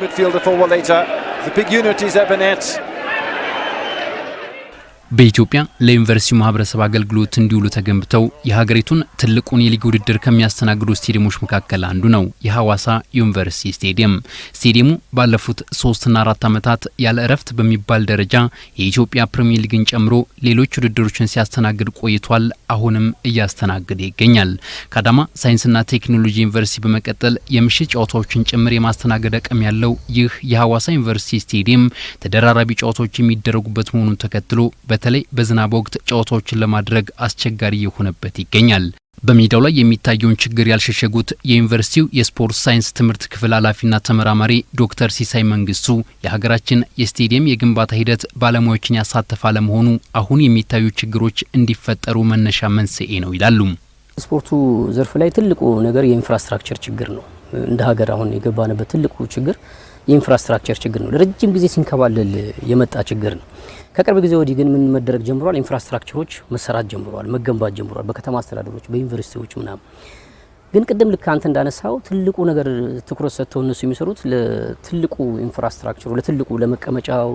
midfielder for Waleta. The big unit is Ebenet. በኢትዮጵያ ለዩኒቨርሲቲው ማህበረሰብ አገልግሎት እንዲውሉ ተገንብተው የሀገሪቱን ትልቁን የሊግ ውድድር ከሚያስተናግዱ ስቴዲየሞች መካከል አንዱ ነው የሐዋሳ ዩኒቨርሲቲ ስቴዲየም። ስቴዲየሙ ባለፉት ሶስትና አራት ዓመታት ያለ እረፍት በሚባል ደረጃ የኢትዮጵያ ፕሪምየር ሊግን ጨምሮ ሌሎች ውድድሮችን ሲያስተናግድ ቆይቷል። አሁንም እያስተናገደ ይገኛል። ከአዳማ ሳይንስና ቴክኖሎጂ ዩኒቨርሲቲ በመቀጠል የምሽት ጨዋታዎችን ጭምር የማስተናገድ አቅም ያለው ይህ የሐዋሳ ዩኒቨርሲቲ ስቴዲየም ተደራራቢ ጨዋታዎች የሚደረጉበት መሆኑን ተከትሎ በተለይ በዝናብ ወቅት ጨዋታዎችን ለማድረግ አስቸጋሪ የሆነበት ይገኛል። በሜዳው ላይ የሚታየውን ችግር ያልሸሸጉት የዩኒቨርሲቲው የስፖርት ሳይንስ ትምህርት ክፍል ኃላፊና ተመራማሪ ዶክተር ሲሳይ መንግስቱ የሀገራችን የስቴዲየም የግንባታ ሂደት ባለሙያዎችን ያሳተፈ አለመሆኑ አሁን የሚታዩ ችግሮች እንዲፈጠሩ መነሻ መንስኤ ነው ይላሉ። ስፖርቱ ዘርፍ ላይ ትልቁ ነገር የኢንፍራስትራክቸር ችግር ነው። እንደ ሀገር አሁን የገባንበት ትልቁ ችግር የኢንፍራስትራክቸር ችግር ነው። ለረጅም ጊዜ ሲንከባለል የመጣ ችግር ነው። ከቅርብ ጊዜ ወዲህ ግን ምን መደረግ ጀምሯል? ኢንፍራስትራክቸሮች መሰራት ጀምሯል መገንባት ጀምሯል በከተማ አስተዳደሮች፣ በዩኒቨርሲቲዎች ምናምን ግን ቅድም ልክ አንተ እንዳነሳው ትልቁ ነገር ትኩረት ሰጥተው እነሱ የሚሰሩት ለትልቁ ኢንፍራስትራክቸሩ ለትልቁ ለመቀመጫው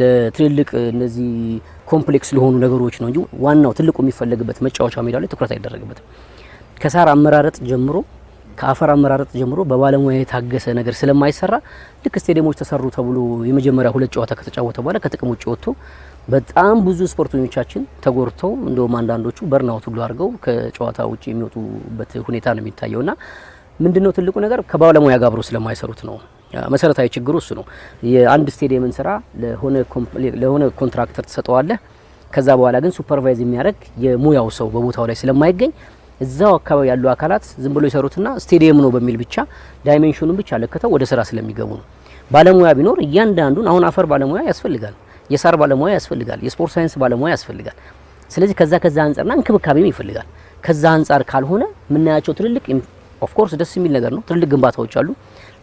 ለትልልቅ እነዚህ ኮምፕሌክስ ለሆኑ ነገሮች ነው እንጂ ዋናው ትልቁ የሚፈለግበት መጫወቻ ሜዳ ላይ ትኩረት አይደረግበትም። ከሳር አመራረጥ ጀምሮ ከአፈር አመራረጥ ጀምሮ በባለሙያ የታገሰ ነገር ስለማይሰራ ልክ ስቴዲየሞች ተሰሩ ተብሎ የመጀመሪያ ሁለት ጨዋታ ከተጫወተ በኋላ ከጥቅም ውጭ ወጥቶ በጣም ብዙ ስፖርተኞቻችን ተጎድተው እንደውም አንዳንዶቹ በርናውት ሁሉ አድርገው ከጨዋታ ውጭ የሚወጡበት ሁኔታ ነው የሚታየው እና ምንድነው ትልቁ ነገር ከባለሙያ ጋብሮ ስለማይሰሩት ነው። መሰረታዊ ችግሩ እሱ ነው። የአንድ ስቴዲየምን ስራ ለሆነ ኮንትራክተር ትሰጠዋለህ። ከዛ በኋላ ግን ሱፐርቫይዝ የሚያደርግ የሙያው ሰው በቦታው ላይ ስለማይገኝ እዛው አካባቢ ያሉ አካላት ዝም ብሎ ይሰሩትና ስቴዲየም ነው በሚል ብቻ ዳይሜንሽኑን ብቻ ለከተው ወደ ስራ ስለሚገቡ ነው። ባለሙያ ቢኖር እያንዳንዱን አሁን አፈር ባለሙያ ያስፈልጋል፣ የሳር ባለሙያ ያስፈልጋል፣ የስፖርት ሳይንስ ባለሙያ ያስፈልጋል። ስለዚህ ከዛ ከዛ አንጻርና እንክብካቤም ይፈልጋል። ከዛ አንጻር ካልሆነ የምናያቸው ትልልቅ ኦፍ ኮርስ ደስ የሚል ነገር ነው፣ ትልልቅ ግንባታዎች አሉ።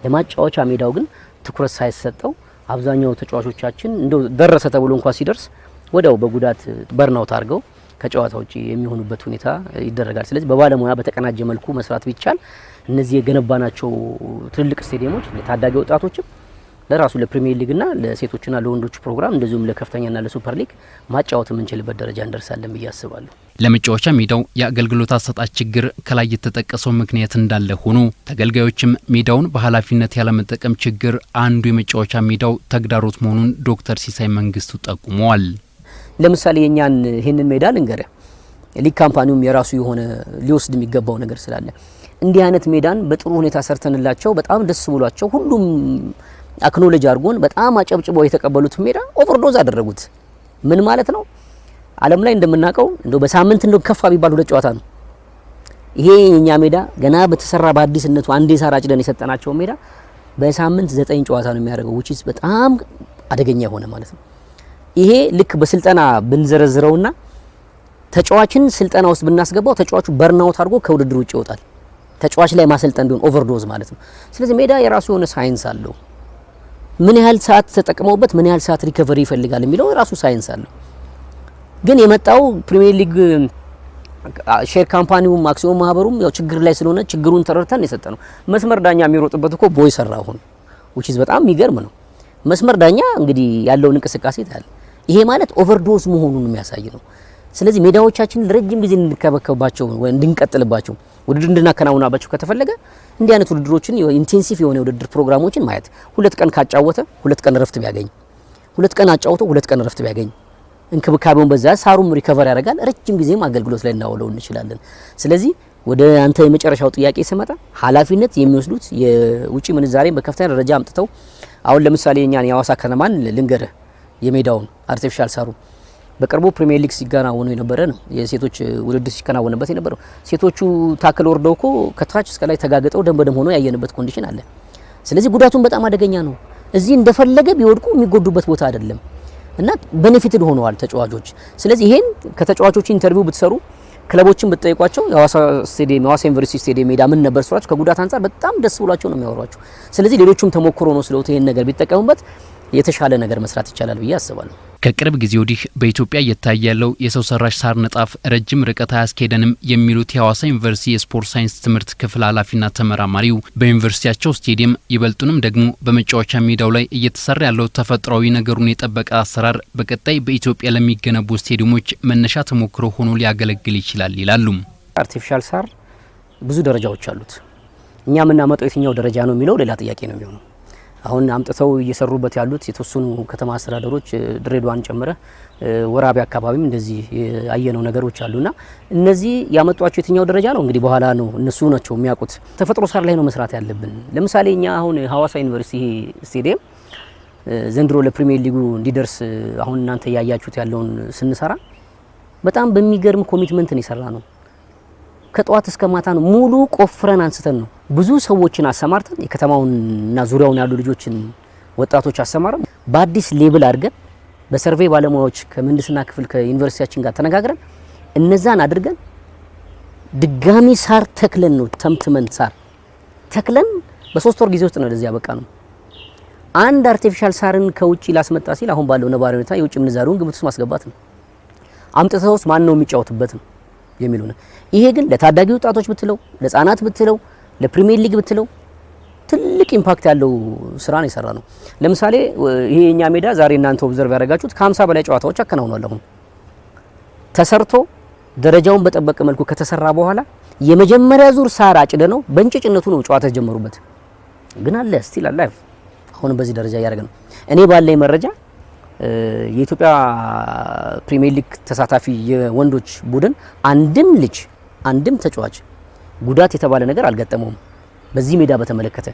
ለማጫወቻ ሜዳው ግን ትኩረት ሳይሰጠው አብዛኛው ተጫዋቾቻችን እንደው ደረሰ ተብሎ እንኳን ሲደርስ ወዲያው በጉዳት በርናውት አድርገው ከጨዋታ ውጪ የሚሆኑበት ሁኔታ ይደረጋል። ስለዚህ በባለሙያ በተቀናጀ መልኩ መስራት ቢቻል እነዚህ የገነባናቸው ትልልቅ ስቴዲየሞች ለታዳጊ ወጣቶችም ለራሱ ለፕሪሚየር ሊግና ለሴቶችና ለወንዶች ፕሮግራም እንደዚሁም ለከፍተኛና ለሱፐር ሊግ ማጫወት የምንችልበት ደረጃ እንደርሳለን ብዬ አስባለሁ። ለመጫወቻ ሜዳው የአገልግሎት አሰጣጥ ችግር ከላይ የተጠቀሰው ምክንያት እንዳለ ሆኖ ተገልጋዮችም ሜዳውን በኃላፊነት ያለመጠቀም ችግር አንዱ የመጫወቻ ሜዳው ተግዳሮት መሆኑን ዶክተር ሲሳይ መንግስቱ ጠቁመዋል። ለምሳሌ የእኛን ይህንን ሜዳ ልንገረ ሊግ ካምፓኒውም የራሱ የሆነ ሊወስድ የሚገባው ነገር ስላለ እንዲህ አይነት ሜዳን በጥሩ ሁኔታ ሰርተንላቸው በጣም ደስ ብሏቸው ሁሉም አክኖሎጅ አድርጎን በጣም አጨብጭበው የተቀበሉት ሜዳ ኦቨርዶዝ አደረጉት። ምን ማለት ነው? ዓለም ላይ እንደምናውቀው እንደው በሳምንት እንደው ከፋ ቢባል ሁለት ጨዋታ ነው። ይሄ የኛ ሜዳ ገና በተሰራ በአዲስነቱ አንዴ ሳር አጭደን የሰጠናቸው ሜዳ በሳምንት ዘጠኝ ጨዋታ ነው የሚያደርገው፣ ዊች ኢዝ በጣም አደገኛ የሆነ ማለት ነው። ይሄ ልክ በስልጠና ብንዘረዝረውና ተጫዋችን ስልጠና ውስጥ ብናስገባው ተጫዋቹ በርናውት አድርጎ ከውድድር ውጭ ይወጣል። ተጫዋች ላይ ማሰልጠን ቢሆን ኦቨርዶዝ ማለት ነው። ስለዚህ ሜዳ የራሱ የሆነ ሳይንስ አለው። ምን ያህል ሰዓት ተጠቅመውበት ምን ያህል ሰዓት ሪከቨሪ ይፈልጋል የሚለው የራሱ ሳይንስ አለው። ግን የመጣው ፕሪሚየር ሊግ ሼር ካምፓኒውም አክሲዮን ማህበሩም ያው ችግር ላይ ስለሆነ ችግሩን ተረድተን የሰጠ ነው። መስመር ዳኛ የሚሮጥበት እኮ ቦይ ሰራ አሁን፣ ዊች ኢዝ በጣም የሚገርም ነው። መስመር ዳኛ እንግዲህ ያለውን እንቅስቃሴ ታያል። ይሄ ማለት ኦቨርዶዝ መሆኑን የሚያሳይ ነው። ስለዚህ ሜዳዎቻችን ለረጅም ጊዜ እንድንከበከባቸው ወይ እንድንቀጥልባቸው ውድድር እንድናከናውናባቸው ከተፈለገ እንዲህ አይነት ውድድሮችን ኢንቴንሲቭ የሆነ የውድድር ፕሮግራሞችን ማየት ሁለት ቀን ካጫወተ ሁለት ቀን ረፍት ቢያገኝ፣ ሁለት ቀን አጫውቶ ሁለት ቀን ረፍት ቢያገኝ እንክብካቤውን በዛ ሳሩም ሪከቨር ያደርጋል። ረጅም ጊዜም አገልግሎት ላይ እናውለው እንችላለን። ስለዚህ ወደ አንተ የመጨረሻው ጥያቄ ስመጣ ኃላፊነት የሚወስዱት የውጭ ምንዛሬን በከፍተኛ ደረጃ አምጥተው አሁን ለምሳሌ እኛን የአዋሳ ከነማን ልንገርህ የሜዳውን አርቲፊሻል ሳሩ በቅርቡ ፕሪሚየር ሊግ ሲከናወኑ የነበረ ነው። የሴቶች ውድድር ሲከናወንበት የነበረው ሴቶቹ ታክል ወርደው እኮ ከታች እስከ ላይ ተጋግጠው ደም በደም ሆኖ ያየንበት ኮንዲሽን አለ። ስለዚህ ጉዳቱን በጣም አደገኛ ነው። እዚህ እንደፈለገ ቢወድቁ የሚጎዱበት ቦታ አይደለም እና ቤኔፊትድ ሆነዋል ተጫዋቾች። ስለዚህ ይሄን ከተጫዋቾች ኢንተርቪው ብትሰሩ ክለቦችን ብትጠይቋቸው የሐዋሳ ስቴዲየም የሐዋሳ ዩኒቨርሲቲ ስቴዲየም ሜዳ ምን ነበር ስሏቸው ከጉዳት አንጻር በጣም ደስ ብሏቸው ነው የሚያወሯቸው። ስለዚህ ሌሎቹም ተሞክሮ ነው ስለውት ይሄን ነገር ቢጠቀሙበት የተሻለ ነገር መስራት ይቻላል ብዬ አስባለሁ። ከቅርብ ጊዜ ወዲህ በኢትዮጵያ እየታየ ያለው የሰው ሰራሽ ሳር ንጣፍ ረጅም ርቀት አያስኬደንም የሚሉት የሐዋሳ ዩኒቨርሲቲ የስፖርት ሳይንስ ትምህርት ክፍል ኃላፊና ተመራማሪው በዩኒቨርሲቲያቸው ስቴዲየም ይበልጡንም ደግሞ በመጫወቻ ሜዳው ላይ እየተሰራ ያለው ተፈጥሯዊ ነገሩን የጠበቀ አሰራር በቀጣይ በኢትዮጵያ ለሚገነቡ ስቴዲየሞች መነሻ ተሞክሮ ሆኖ ሊያገለግል ይችላል ይላሉ። አርቲፊሻል ሳር ብዙ ደረጃዎች አሉት። እኛ የምናመጣው የትኛው ደረጃ ነው የሚለው ሌላ ጥያቄ ነው የሚሆነው አሁን አምጥተው እየሰሩበት ያሉት የተወሰኑ ከተማ አስተዳደሮች ድሬዳዋን ጨምረ ወራቢ አካባቢም እንደዚህ ያየነው ነገሮች አሉና እነዚህ ያመጧቸው የትኛው ደረጃ ነው እንግዲህ በኋላ ነው እነሱ ናቸው የሚያውቁት። ተፈጥሮ ሳር ላይ ነው መስራት ያለብን። ለምሳሌ እኛ አሁን ሀዋሳ ዩኒቨርሲቲ ስቴዲየም ዘንድሮ ለፕሪሚየር ሊጉ እንዲደርስ አሁን እናንተ እያያችሁት ያለውን ስንሰራ በጣም በሚገርም ኮሚትመንት ነው የሰራ ነው። ከጠዋት እስከ ማታ ነው ሙሉ ቆፍረን አንስተን ነው ብዙ ሰዎችን አሰማርተን የከተማውንና ዙሪያውን ያሉ ልጆችን ወጣቶች አሰማረን በአዲስ ሌብል አድርገን በሰርቬይ ባለሙያዎች ከምህንድስና ክፍል ከዩኒቨርሲቲያችን ጋር ተነጋግረን እነዛን አድርገን ድጋሚ ሳር ተክለን ነው ተምትመን ሳር ተክለን በሶስት ወር ጊዜ ውስጥ ነው ለዚህ ያበቃ ነው። አንድ አርቲፊሻል ሳርን ከውጭ ላስመጣ ሲል አሁን ባለው ነባሪ ሁኔታ የውጭ ምንዛሪውን ግምት ውስጥ ማስገባት ነው። አምጥተውስ ማን ነው የሚጫወትበት ነው የሚለው ይሄ ግን ለታዳጊ ወጣቶች ብትለው፣ ለህፃናት ብትለው፣ ለፕሪሚየር ሊግ ብትለው ትልቅ ኢምፓክት ያለው ስራ ነው የሰራ ነው። ለምሳሌ ይሄ የኛ ሜዳ ዛሬ እናንተ ኦብዘርቭ ያደረጋችሁት ከ50 በላይ ጨዋታዎች አከናውኗል። አሁን ተሰርቶ ደረጃውን በጠበቀ መልኩ ከተሰራ በኋላ የመጀመሪያ ዙር ሳር አጭደ ነው በእንጭጭነቱ ነው ጨዋታ የጀመሩበት። ግን አለ ስቲል አለ አሁን በዚህ ደረጃ እያደረገ ነው። እኔ ባለኝ መረጃ የኢትዮጵያ ፕሪሚየር ሊግ ተሳታፊ የወንዶች ቡድን አንድም ልጅ አንድም ተጫዋች ጉዳት የተባለ ነገር አልገጠመውም። በዚህ ሜዳ በተመለከተ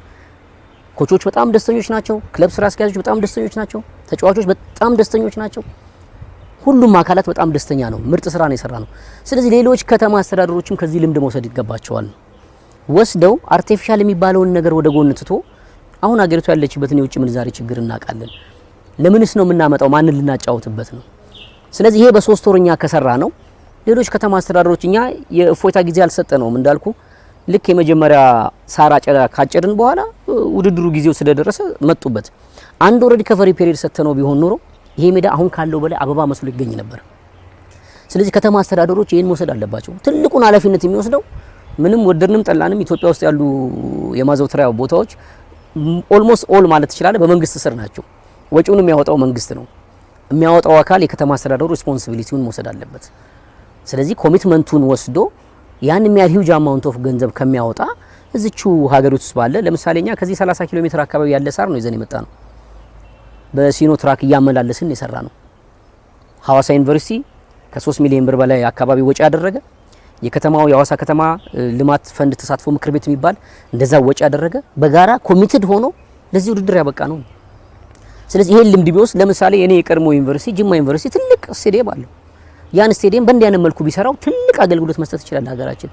ኮቾች በጣም ደስተኞች ናቸው። ክለብ ስራ አስኪያጆች በጣም ደስተኞች ናቸው። ተጫዋቾች በጣም ደስተኞች ናቸው። ሁሉም አካላት በጣም ደስተኛ ነው። ምርጥ ስራ ነው የሰራ ነው። ስለዚህ ሌሎች ከተማ አስተዳደሮችም ከዚህ ልምድ መውሰድ ይገባቸዋል። ወስደው አርቲፊሻል የሚባለውን ነገር ወደ ጎን ትቶ አሁን ሀገሪቱ ያለችበትን የውጭ ምንዛሬ ችግር እናውቃለን። ለምንስ ነው የምናመጣው? ማንን ልናጫወትበት ነው? ስለዚህ ይሄ በሶስት ወር እኛ ከሰራ ነው ሌሎች ከተማ አስተዳደሮች እኛ የእፎይታ ጊዜ አልሰጠ ነውም እንዳልኩ ልክ የመጀመሪያ ሳር አጨዳ ካጨድን በኋላ ውድድሩ ጊዜው ስለደረሰ መጡበት። አንድ ወረድ ከፈሪ ፔሪድ ሰጥተ ነው ቢሆን ኖሮ ይሄ ሜዳ አሁን ካለው በላይ አበባ መስሎ ይገኝ ነበር። ስለዚህ ከተማ አስተዳደሮች ይህን መውሰድ አለባቸው። ትልቁን ኃላፊነት የሚወስደው ምንም ወደድንም ጠላንም ኢትዮጵያ ውስጥ ያሉ የማዘውተሪያ ቦታዎች ኦልሞስት ኦል ማለት ትችላለህ በመንግስት ስር ናቸው። ወጪውን የሚያወጣው መንግስት ነው። የሚያወጣው አካል የከተማ አስተዳደሩ ሪስፖንሲቢሊቲውን መውሰድ አለበት። ስለዚህ ኮሚትመንቱን ወስዶ ያን የሚያህል ሂውጅ አማውንት ኦፍ ገንዘብ ከሚያወጣ እዚቹ ሀገሪቱ ውስጥ ባለ ለምሳሌ ከዚህ 30 ኪሎ ሜትር አካባቢ ያለ ሳር ነው ይዘን የመጣ ነው። በሲኖ ትራክ እያመላለስን የሰራ ነው። ሀዋሳ ዩኒቨርሲቲ ከ3 ሚሊዮን ብር በላይ አካባቢ ወጪ ያደረገ የከተማው የሀዋሳ ከተማ ልማት ፈንድ ተሳትፎ ምክር ቤት የሚባል እንደዛ ወጪ ያደረገ በጋራ ኮሚትድ ሆኖ ለዚህ ውድድር ያበቃ ነው። ስለዚህ ይሄን ልምድ ቢወስድ ለምሳሌ እኔ የቀድሞ ዩኒቨርሲቲ ጅማ ዩኒቨርሲቲ ትልቅ ስቴዲየም አለው። ያን ስቴዲየም በእንዲህ አይነት መልኩ ቢሰራው ትልቅ አገልግሎት መስጠት ይችላል ሀገራችን።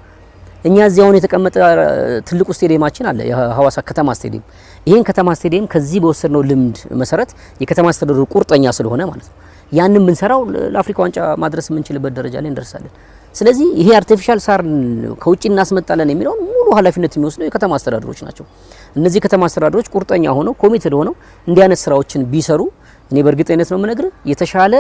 እኛ እዚህ አሁን የተቀመጠ ትልቁ ስቴዲየማችን አለ፣ የሀዋሳ ከተማ ስቴዲየም። ይህን ከተማ ስቴዲየም ከዚህ በወሰድነው ልምድ መሰረት የከተማ አስተዳደሩ ቁርጠኛ ስለሆነ ማለት ነው ያንን ብንሰራው ለአፍሪካ ዋንጫ ማድረስ የምንችልበት ደረጃ ላይ እንደርሳለን። ስለዚህ ይሄ አርቲፊሻል ሳር ከውጭ እናስመጣለን የሚለውን ሙሉ ኃላፊነት የሚወስደው የከተማ አስተዳደሮች ናቸው። እነዚህ ከተማ አስተዳደሮች ቁርጠኛ ሆነው ኮሚትድ ሆነው እንዲህ አይነት ስራዎችን ቢሰሩ እኔ በእርግጠኝነት ነው የምነግር የተሻለ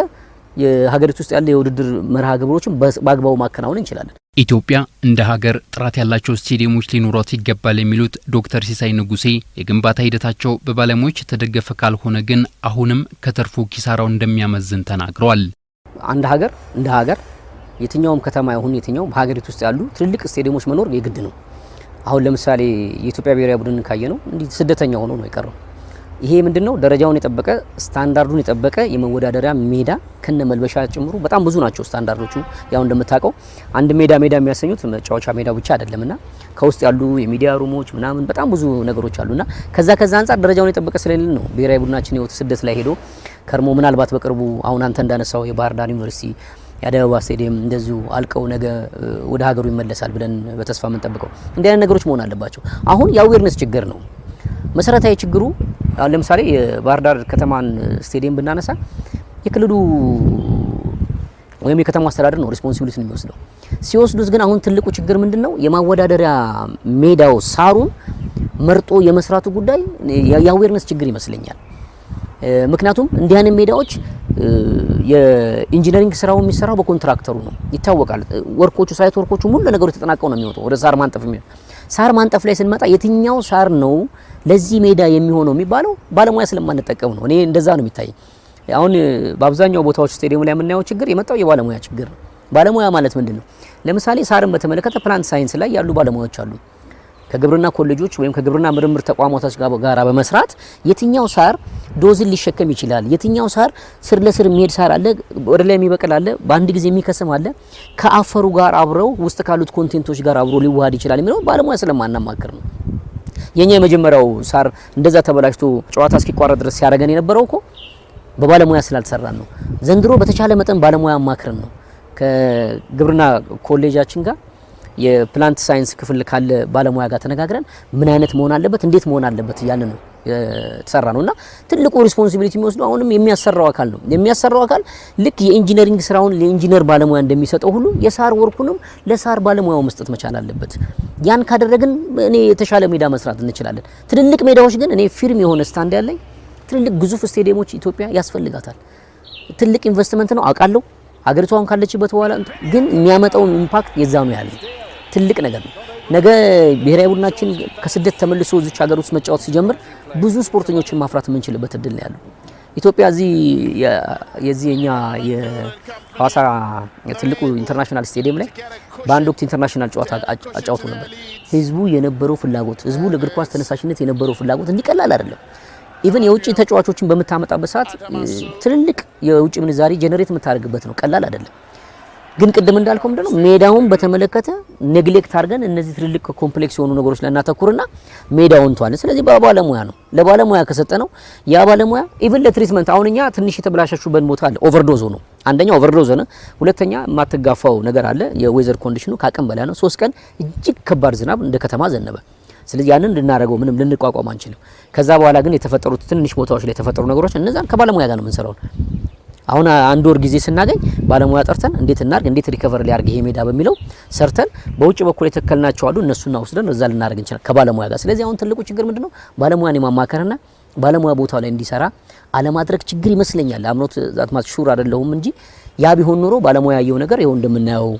የሀገሪቱ ውስጥ ያለ የውድድር መርሃ ግብሮችን በአግባቡ ማከናወን እንችላለን። ኢትዮጵያ እንደ ሀገር ጥራት ያላቸው ስቴዲየሞች ሊኖሯት ይገባል የሚሉት ዶክተር ሲሳይ ንጉሴ የግንባታ ሂደታቸው በባለሙያዎች የተደገፈ ካልሆነ ግን አሁንም ከትርፉ ኪሳራው እንደሚያመዝን ተናግረዋል። አንድ ሀገር እንደ ሀገር የትኛውም ከተማ ይሁን የትኛው በሀገሪቱ ውስጥ ያሉ ትልልቅ ስቴዲየሞች መኖር የግድ ነው። አሁን ለምሳሌ የኢትዮጵያ ብሔራዊ ቡድን ካየ ነው እንዲህ ስደተኛ ሆኖ ነው የቀረው ይሄ ምንድነው ደረጃውን የጠበቀ ስታንዳርዱን የጠበቀ የመወዳደሪያ ሜዳ ከነ መልበሻ ጭምሩ በጣም ብዙ ናቸው ስታንዳርዶቹ። ያው እንደምታውቀው አንድ ሜዳ ሜዳ የሚያሰኙት መጫወቻ ሜዳ ብቻ አይደለምና ከውስጥ ያሉ የሚዲያ ሩሞች ምናምን በጣም ብዙ ነገሮች አሉና ከዛ ከዛ አንጻር ደረጃውን የጠበቀ ስለሌለ ነው ብሔራዊ ቡድናችን ህይወት ስደት ላይ ሄዶ ከርሞ ምናልባት በቅርቡ አሁን አንተ እንዳነሳው የባህር ዳር ዩኒቨርሲቲ የአዲስ ስቴዲየም እንደዚሁ አልቀው ነገ ወደ ሀገሩ ይመለሳል ብለን በተስፋ የምንጠብቀው እንዲህ አይነት ነገሮች መሆን አለባቸው። አሁን የአዌርነስ ችግር ነው መሰረታዊ ችግሩ አሁን ለምሳሌ የባህር ዳር ከተማን ስቴዲየም ብናነሳ የክልሉ ወይም የከተማ አስተዳደር ነው ሪስፖንሲቢሊቲን የሚወስደው። ሲወስዱት ግን አሁን ትልቁ ችግር ምንድን ነው? የማወዳደሪያ ሜዳው ሳሩን መርጦ የመስራቱ ጉዳይ የአዌርነስ ችግር ይመስለኛል። ምክንያቱም እንዲህ አይነት ሜዳዎች የኢንጂነሪንግ ስራው የሚሰራው በኮንትራክተሩ ነው፣ ይታወቃል። ወርኮቹ ሳይት ወርኮቹ ሙሉ ነገሮች የተጠናቀው ነው የሚወጡ ወደ ሳር ማንጠፍ ሳር ማንጠፍ ላይ ስንመጣ የትኛው ሳር ነው ለዚህ ሜዳ የሚሆነው የሚባለው ባለሙያ ስለማንጠቀም ነው። እኔ እንደዛ ነው የሚታይ። አሁን በአብዛኛው ቦታዎች ስቴዲየሙ ላይ የምናየው ችግር የመጣው የባለሙያ ችግር ነው። ባለሙያ ማለት ምንድን ነው? ለምሳሌ ሳርን በተመለከተ ፕላንት ሳይንስ ላይ ያሉ ባለሙያዎች አሉ። ከግብርና ኮሌጆች ወይም ከግብርና ምርምር ተቋማት ጋር በመስራት የትኛው ሳር ዶዝን ሊሸከም ይችላል፣ የትኛው ሳር ስር ለስር የሚሄድ ሳር አለ፣ ወደ ላይ የሚበቅል አለ፣ በአንድ ጊዜ የሚከስም አለ፣ ከአፈሩ ጋር አብረው ውስጥ ካሉት ኮንቴንቶች ጋር አብሮ ሊዋሃድ ይችላል የሚለው ባለሙያ ስለማናማክር ነው። የኛ የመጀመሪያው ሳር እንደዛ ተበላሽቶ ጨዋታ እስኪቋረጥ ድረስ ሲያደርገን የነበረው እኮ በባለሙያ ስላልሰራን ነው። ዘንድሮ በተቻለ መጠን ባለሙያ አማክርን ነው ከግብርና ኮሌጃችን ጋር የፕላንት ሳይንስ ክፍል ካለ ባለሙያ ጋር ተነጋግረን ምን አይነት መሆን አለበት፣ እንዴት መሆን አለበት እያለ ነው የተሰራ ነው እና ትልቁ ሪስፖንሲቢሊቲ የሚወስደው አሁንም የሚያሰራው አካል ነው። የሚያሰራው አካል ልክ የኢንጂነሪንግ ስራውን ለኢንጂነር ባለሙያ እንደሚሰጠው ሁሉ የሳር ወርኩንም ለሳር ባለሙያው መስጠት መቻል አለበት። ያን ካደረግን እኔ የተሻለ ሜዳ መስራት እንችላለን። ትልልቅ ሜዳዎች ግን እኔ ፊርም የሆነ ስታንድ ያለኝ ትልልቅ ግዙፍ ስቴዲየሞች ኢትዮጵያ ያስፈልጋታል። ትልቅ ኢንቨስትመንት ነው አውቃለሁ። አገሪቷን ካለችበት በኋላ ግን የሚያመጣውን ኢምፓክት የዛ ነው ያለ ትልቅ ነገር ነው። ነገ ብሔራዊ ቡድናችን ከስደት ተመልሶ እዚች ሀገር ውስጥ መጫወት ሲጀምር ብዙ ስፖርተኞችን ማፍራት የምንችልበት እድል ነው ያለው። ኢትዮጵያ እዚህ የዚህ የኛ የሐዋሳ ትልቁ ኢንተርናሽናል ስቴዲየም ላይ በአንድ ወቅት ኢንተርናሽናል ጨዋታ አጫውቶ ነበር። ህዝቡ የነበረው ፍላጎት ህዝቡ ለእግር ኳስ ተነሳሽነት የነበረው ፍላጎት እንዲቀላል አይደለም። ኢቨን የውጭ ተጫዋቾችን በምታመጣበት ሰዓት ትልልቅ የውጭ ምንዛሪ ጀነሬት የምታደርግበት ነው። ቀላል አይደለም። ግን ቅድም እንዳልከው ምንድነው ሜዳውን በተመለከተ ኔግሌክት አድርገን እነዚህ ትልልቅ ኮምፕሌክስ የሆኑ ነገሮች ላይ እናተኩርና ሜዳውን ተዋለን። ስለዚህ ባለሙያ ነው ለባለሙያ ከሰጠ ነው ያ ባለሙያ ኢቭን ለትሪትመንት አሁን እኛ ትንሽ የተበላሸሹበት ቦታ አለ። ኦቨርዶዝ ነው አንደኛ ኦቨርዶዝ ነው። ሁለተኛ የማትጋፋው ነገር አለ። የዌዘር ኮንዲሽኑ ከአቅም በላይ ነው። ሶስት ቀን እጅግ ከባድ ዝናብ እንደ ከተማ ዘነበ። ስለዚህ ያንን ልናደርገው ምንም ልንቋቋም አንችልም። ከዛ በኋላ ግን የተፈጠሩት ትንሽ ቦታዎች ላይ የተፈጠሩ ነገሮች እነዛን ከባለሙያ ጋር ነው የምንሰራው። አሁን አንድ ወር ጊዜ ስናገኝ ባለሙያ ጠርተን እንዴት እናርግ፣ እንዴት ሪከቨር ሊያርግ ይሄ ሜዳ በሚለው ሰርተን በውጭ በኩል የተከልናቸው አሉ እነሱና ወስደን እዛ ልናደርግ እንችላል ከባለሙያ ጋር። ስለዚህ አሁን ትልቁ ችግር ምንድነው ባለሙያን የማማከርና ባለሙያ ቦታው ላይ እንዲሰራ አለማድረግ ችግር ይመስለኛል። አምኖት ዛት ማት ሹር አይደለሁም እንጂ ያ ቢሆን ኖሮ ባለሙያ ያየው ነገር ይኸው እንደምናየው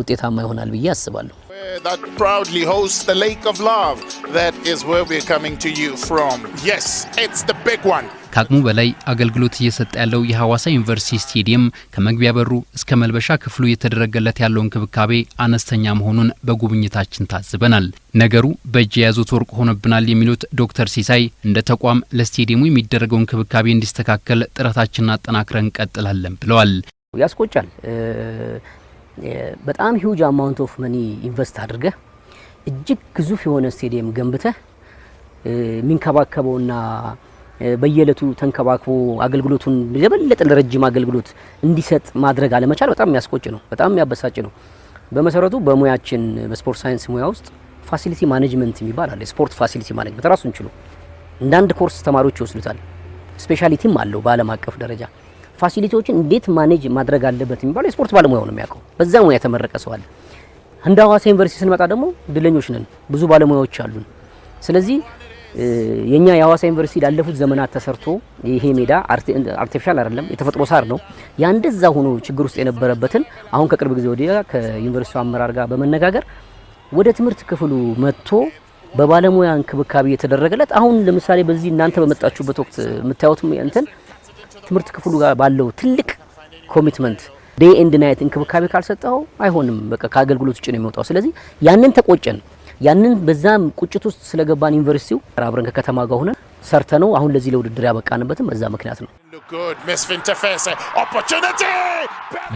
ውጤታማ ይሆናል ብዬ አስባለሁ። that proudly hosts the Lake of Love. That is where we're coming to you from. Yes, it's the big one. ከአቅሙ በላይ አገልግሎት እየሰጠ ያለው የሐዋሳ ዩኒቨርሲቲ ስቴዲየም ከመግቢያ በሩ እስከ መልበሻ ክፍሉ የተደረገለት ያለው እንክብካቤ አነስተኛ መሆኑን በጉብኝታችን ታዝበናል። ነገሩ በእጅ የያዙት ወርቅ ሆነብናል የሚሉት ዶክተር ሲሳይ እንደ ተቋም ለስቴዲየሙ የሚደረገው እንክብካቤ እንዲስተካከል ጥረታችንን አጠናክረን እንቀጥላለን ብለዋል። ያስቆጫል። በጣም ሂውጅ አማውንት ኦፍ መኒ ኢንቨስት አድርገ እጅግ ግዙፍ የሆነ ስቴዲየም ገንብተ የሚንከባከበውና በየእለቱ ተንከባክቦ አገልግሎቱን የበለጠ ለረጅም አገልግሎት እንዲሰጥ ማድረግ አለመቻል በጣም የሚያስቆጭ ነው፣ በጣም የሚያበሳጭ ነው። በመሰረቱ በሙያችን በስፖርት ሳይንስ ሙያ ውስጥ ፋሲሊቲ ማኔጅመንት የሚባል አለ። ስፖርት ፋሲሊቲ ማኔጅመንት ራሱን ችሎ እንደ አንድ ኮርስ ተማሪዎች ይወስዱታል። ስፔሻሊቲም አለው በአለም አቀፍ ደረጃ ፋሲሊቲዎችን እንዴት ማኔጅ ማድረግ አለበት የሚባለው የስፖርት ባለሙያው ነው የሚያውቀው። በዛ ሙያ የተመረቀ ሰው አለ። እንደ ሀዋሳ ዩኒቨርሲቲ ስንመጣ ደግሞ ድለኞች ነን፣ ብዙ ባለሙያዎች አሉን። ስለዚህ የኛ የሀዋሳ ዩኒቨርሲቲ ላለፉት ዘመናት ተሰርቶ ይሄ ሜዳ አርቲፊሻል አይደለም፣ የተፈጥሮ ሳር ነው። ያ እንደዛ ሆኖ ችግር ውስጥ የነበረበትን አሁን ከቅርብ ጊዜ ወዲያ ከዩኒቨርሲቲው አመራር ጋር በመነጋገር ወደ ትምህርት ክፍሉ መጥቶ በባለሙያ እንክብካቤ የተደረገለት አሁን ለምሳሌ በዚህ እናንተ በመጣችሁበት ወቅት የምታዩትም እንትን ትምህርት ክፍሉ ጋር ባለው ትልቅ ኮሚትመንት ዴይ ኤንድ ናይት እንክብካቤ ካልሰጠው አይሆንም። በቃ ከአገልግሎት ውጭ ነው የሚወጣው። ስለዚህ ያንን ተቆጨን። ያንን በዛም ቁጭት ውስጥ ስለገባን ዩኒቨርሲቲው አብረን ከከተማ ጋር ሆነን ሰርተ ነው አሁን ለዚህ ለውድድር ያበቃንበትም በዛ ምክንያት ነው።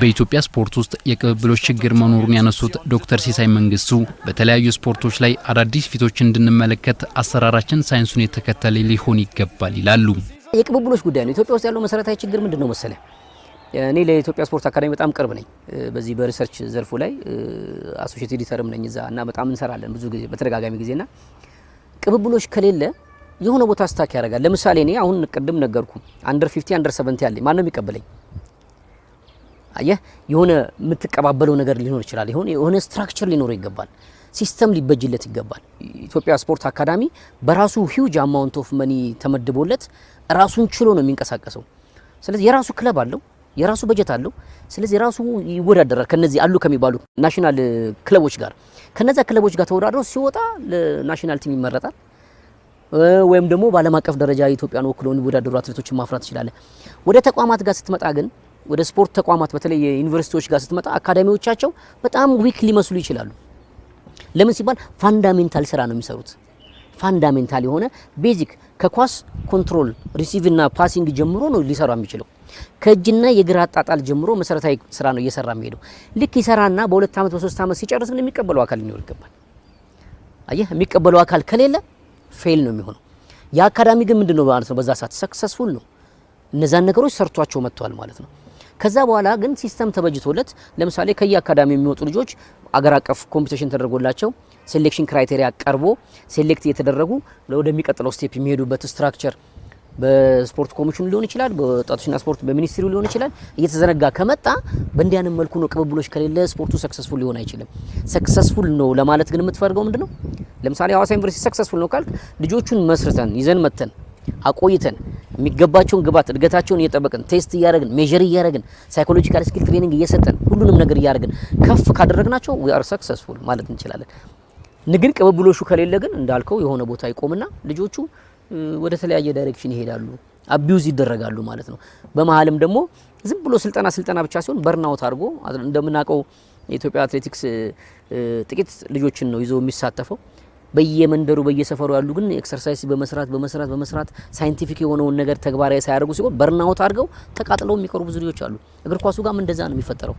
በኢትዮጵያ ስፖርት ውስጥ የቅብብሎች ችግር መኖሩን ያነሱት ዶክተር ሲሳይ መንግስቱ በተለያዩ ስፖርቶች ላይ አዳዲስ ፊቶች እንድንመለከት አሰራራችን ሳይንሱን የተከተለ ሊሆን ይገባል ይላሉ። የቅብብሎች ጉዳይ ነው። ኢትዮጵያ ውስጥ ያለው መሰረታዊ ችግር ምንድን ነው መሰለ? እኔ ለኢትዮጵያ ስፖርት አካዳሚ በጣም ቅርብ ነኝ። በዚህ በሪሰርች ዘርፉ ላይ አሶሼት ኤዲተርም ነኝ እዛ እና በጣም እንሰራለን ብዙ ጊዜ በተደጋጋሚ ና ቅብብሎች ከሌለ የሆነ ቦታ ስታክ ያደርጋል። ለምሳሌ እኔ አሁን ቅድም ነገርኩ አንደር ፊፍቲ አንደር ሰቨንቲ ያለኝ ማን ነው የሚቀበለኝ? አየህ የሆነ የምትቀባበለው ነገር ሊኖር ይችላል። ይሁን የሆነ ስትራክቸር ሊኖረው ይገባል። ሲስተም ሊበጅለት ይገባል። ኢትዮጵያ ስፖርት አካዳሚ በራሱ ሂውጅ አማውንት ኦፍ መኒ ተመድቦለት ራሱን ችሎ ነው የሚንቀሳቀሰው። ስለዚህ የራሱ ክለብ አለው፣ የራሱ በጀት አለው። ስለዚህ የራሱ ይወዳደራል ከነዚህ አሉ ከሚባሉ ናሽናል ክለቦች ጋር። ከነዚያ ክለቦች ጋር ተወዳድሮ ሲወጣ ለናሽናል ቲም ይመረጣል። ወይም ደግሞ በዓለም አቀፍ ደረጃ ኢትዮጵያን ወክሎ የሚወዳደሩ አትሌቶችን ማፍራት ይችላል። ወደ ተቋማት ጋር ስትመጣ ግን ወደ ስፖርት ተቋማት በተለይ ዩኒቨርሲቲዎች ጋር ስትመጣ አካዳሚዎቻቸው በጣም ዊክ ሊመስሉ ይችላሉ። ለምን ሲባል ፋንዳሜንታል ስራ ነው የሚሰሩት። ፋንዳሜንታል የሆነ ቤዚክ ከኳስ ኮንትሮል ሪሲቭና ፓሲንግ ጀምሮ ነው ሊሰራ የሚችለው። ከእጅና የግራ አጣጣል ጀምሮ መሰረታዊ ስራ ነው እየሰራ የሚሄደው። ልክ ይሰራና በሁለት ዓመት በሶስት ዓመት ሲጨርስ ግን የሚቀበለው አካል ሊኖር ይገባል። አየህ፣ የሚቀበለው አካል ከሌለ ፌል ነው የሚሆነው። የአካዳሚ ግን ምንድን ነው ማለት ነው፣ በዛ ሰዓት ሰክሰስፉል ነው። እነዛን ነገሮች ሰርቷቸው መጥተዋል ማለት ነው። ከዛ በኋላ ግን ሲስተም ተበጅቶለት ለምሳሌ ከየአካዳሚ የሚወጡ ልጆች አገር አቀፍ ኮምፒቲሽን ተደርጎላቸው ሴሌክሽን ክራይቴሪያ ቀርቦ ሴሌክት እየተደረጉ ወደሚቀጥለው ስቴፕ የሚሄዱበት ስትራክቸር በስፖርት ኮሚሽኑ ሊሆን ይችላል፣ በወጣቶችና ስፖርት በሚኒስትሩ ሊሆን ይችላል። እየተዘነጋ ከመጣ በእንዲያን መልኩ ነው። ቅብብሎች ከሌለ ስፖርቱ ሰክሰስፉል ሊሆን አይችልም። ሰክሰስፉል ነው ለማለት ግን የምትፈልገው ምንድነው? ለምሳሌ ሀዋሳ ዩኒቨርሲቲ ሰክሰስፉል ነው ካልክ ልጆቹን መስርተን ይዘን መተን አቆይተን የሚገባቸውን ግባት እድገታቸውን እየጠበቅን ቴስት እያደረግን ሜዥር እያደረግን ሳይኮሎጂካል ስኪል ትሬኒንግ እየሰጠን ሁሉንም ነገር እያደረግን ከፍ ካደረግናቸው ዊ አር ሰክሰስፉል ማለት እንችላለን። ንግን ቅብብሎሹ ከሌለ ግን እንዳልከው የሆነ ቦታ ይቆምና ልጆቹ ወደ ተለያየ ዳይሬክሽን ይሄዳሉ፣ አቢዩዝ ይደረጋሉ ማለት ነው። በመሀልም ደግሞ ዝም ብሎ ስልጠና ስልጠና ብቻ ሲሆን በርናውት አድርጎ እንደምናውቀው የኢትዮጵያ አትሌቲክስ ጥቂት ልጆችን ነው ይዞ የሚሳተፈው። በየመንደሩ በየሰፈሩ ያሉ ግን ኤክሰርሳይዝ በመስራት በመስራት በመስራት ሳይንቲፊክ የሆነውን ነገር ተግባራዊ ሳያደርጉ ሲሆን በርናውት አድርገው ተቃጥለው የሚቀሩ ብዙ ልጆች አሉ። እግር ኳሱ ጋርም እንደዛ ነው የሚፈጠረው።